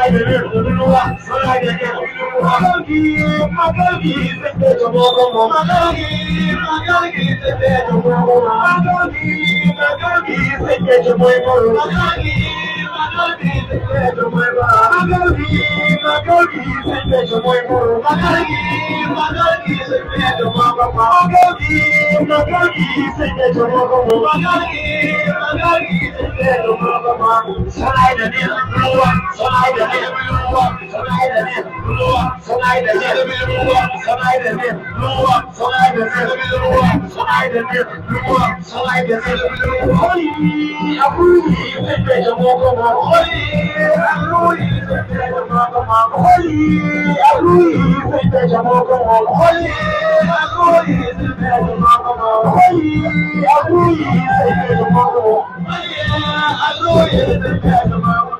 Magagi, Magagi, Holy, I'm free, I'm free, I'm free, I'm free, Oh, yeah, I know you're the man of my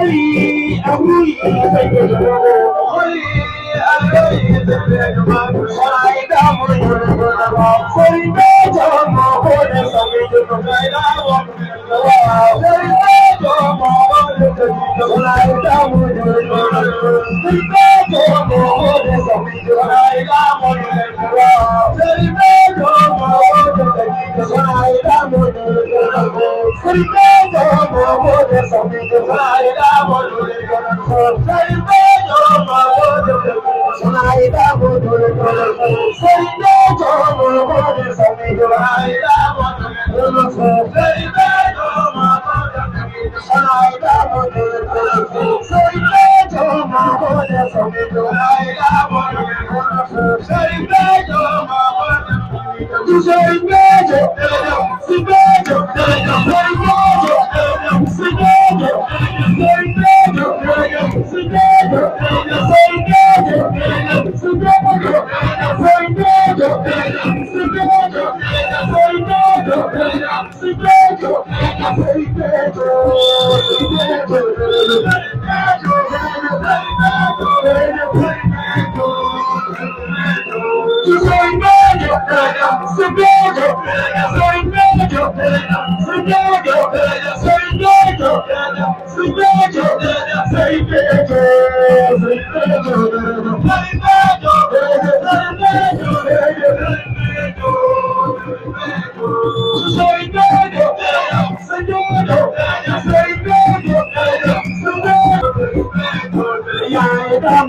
قولي أبوي قولي أبوي وعيد أمري فرد جم قول صبي غير فرد جم وعيد أمري فرد جم قول صبي غير فرد جم وعيد أمري فرد جم mamote sabide sarida bolule jonathan saride jo mamote sarida bolule jonathan saride jo mamote sabide sarida bolule jonathan saride jo mamote sarida bolule jonathan saride jo mamote sabide sarida bolule jonathan saride jo mamote sarida bolule jonathan saride jo mamote Say, say, say, say, say,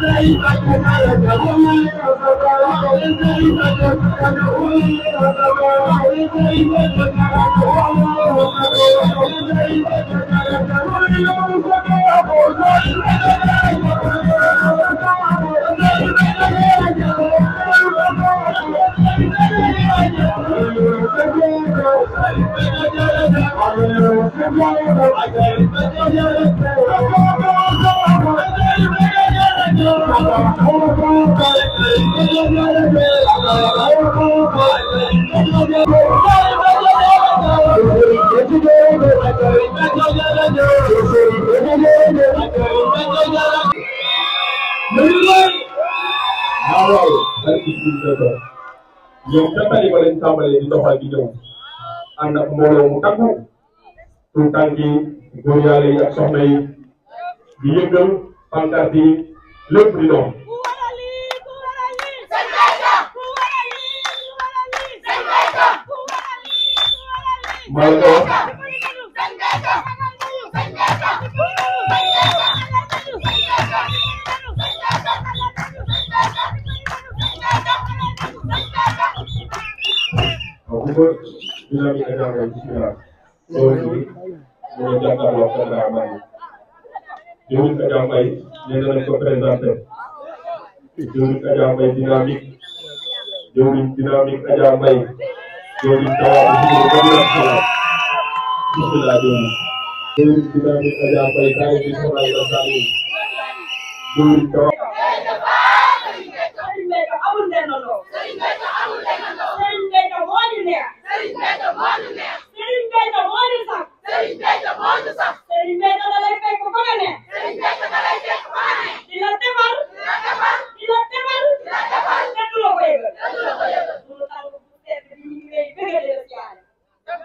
I'm yow ca tali ba lañ tàmbalee di doxal di ñëw ànd ak mbooloo mu takku tuut tànk yi góor yàlla yi ak soxna yi di yëngal pancarte yi lépp di dox Sandeesa jëwriñ Adja Mbaye dynamique jëwriñ dynamique Adja Mbaye jëwriñ bismillah Dewi Dudami Raja Baikal Bismillah Rasulullah Dewi Dudami Amul leen loolu. Sëriñ Béthio amul leen loolu. Sëriñ Béthio moo ñu neex. Sëriñ Béthio moo ñu neex.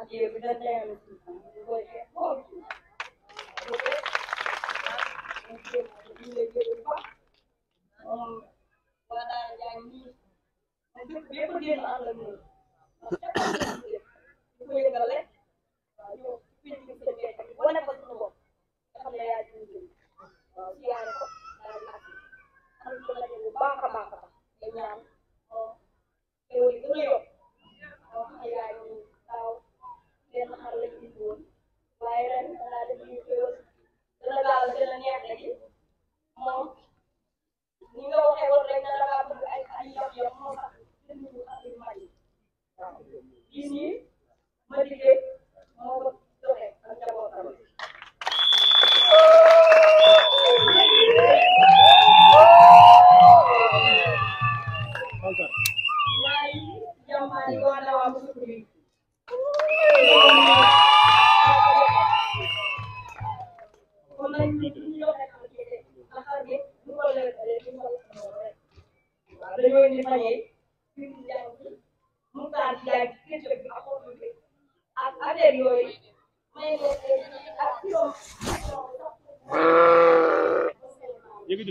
అది evident pada yang ini untuk dia pergi alam itu yang kalian ayo pilih kita dia mana pun tuh kalau ya siapa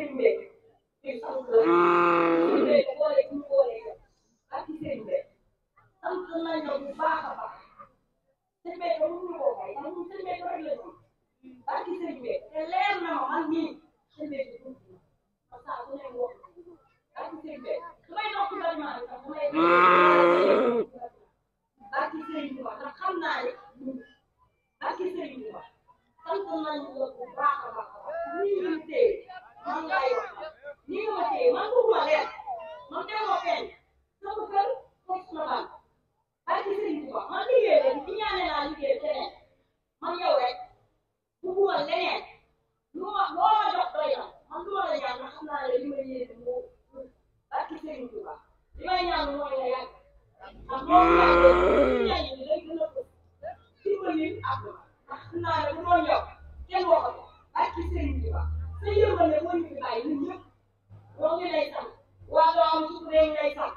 sëriñ bi rek ñuy sant la ñu koy boole ñu boole ak ci sëriñ bi rek sant nañu bu baax a baax sëriñ bi rek mënuñu koo bàyyi ndax ñun sëriñ bi rek la ñu ak ci sëriñ bi te leer na ma man mii sëriñ bi rek ñu parce que ku ne ngoon ak ci sëriñ bi su may dox ci bâtiment bi sax damay ak ci sëriñ bi wax ndax xam naa ne ak ci sëriñ bi wax sant nañu la bu baax a baax a baax ñu ngi téye man ngay wax nii ma téye man bëgguma leen man teewoo feeñ sama kër foofu leen lay fay.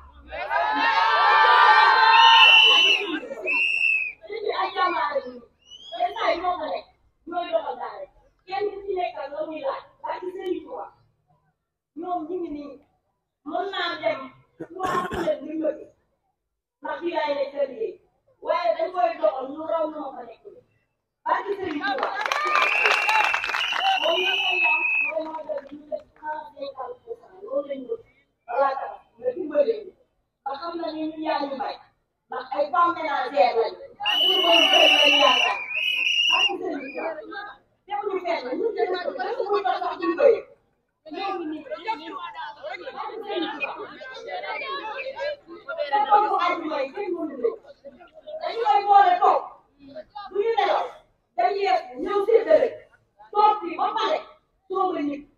Dominique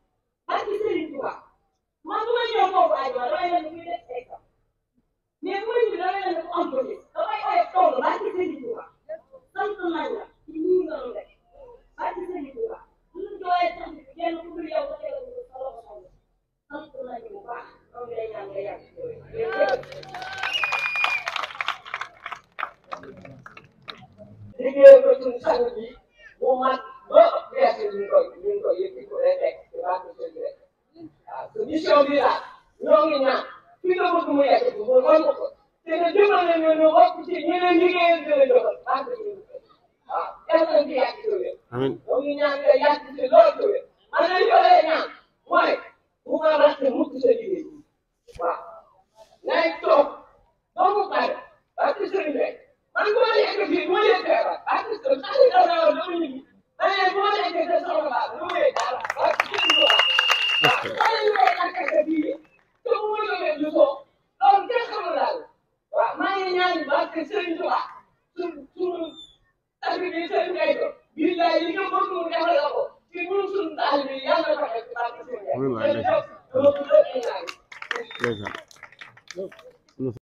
mu mat ba pexe ñu ngi koy ñu ngi koy yëg ko day teg ci bànq seen bi rek waaw te mission bi la ñoo ngi ñaan fi nga bëgg mu yegg ko mu romb ko te nga jëmal na ñu ñu bokk ci ñu leen liggéeyal di leen jëmal bànq bi ñu waaw yàlla nañ ci yàgg ci wér. amiin ñoo ngi ñaan nga yàgg ci lool ci wér man la ñu ko lay ñaan mooy bu ma ràcc mukk sa liggéey waaw nay toog ba mu pare ba ci sëriñ rek. man bu ma leen ko fii bu ma leen ko yoroon ah si sa saa yu ndaw naa woon dama ñu ma ne bu ma leen ko sa soxla baax lu wéy daal waaw si kenn du baax. ok waaw ma ne ñu koy àgg ak bii te bu ma yoroon du soo loolu kenn xamul daal waaw maa ngi ñaan baax que Serigne Touba suñ suñu tànk bi Serigne Ngaye ko bii laay li nga bëgg mu defal la ko ci ñun suñu taal bi yàlla na ko def baax que Serigne Ngaye.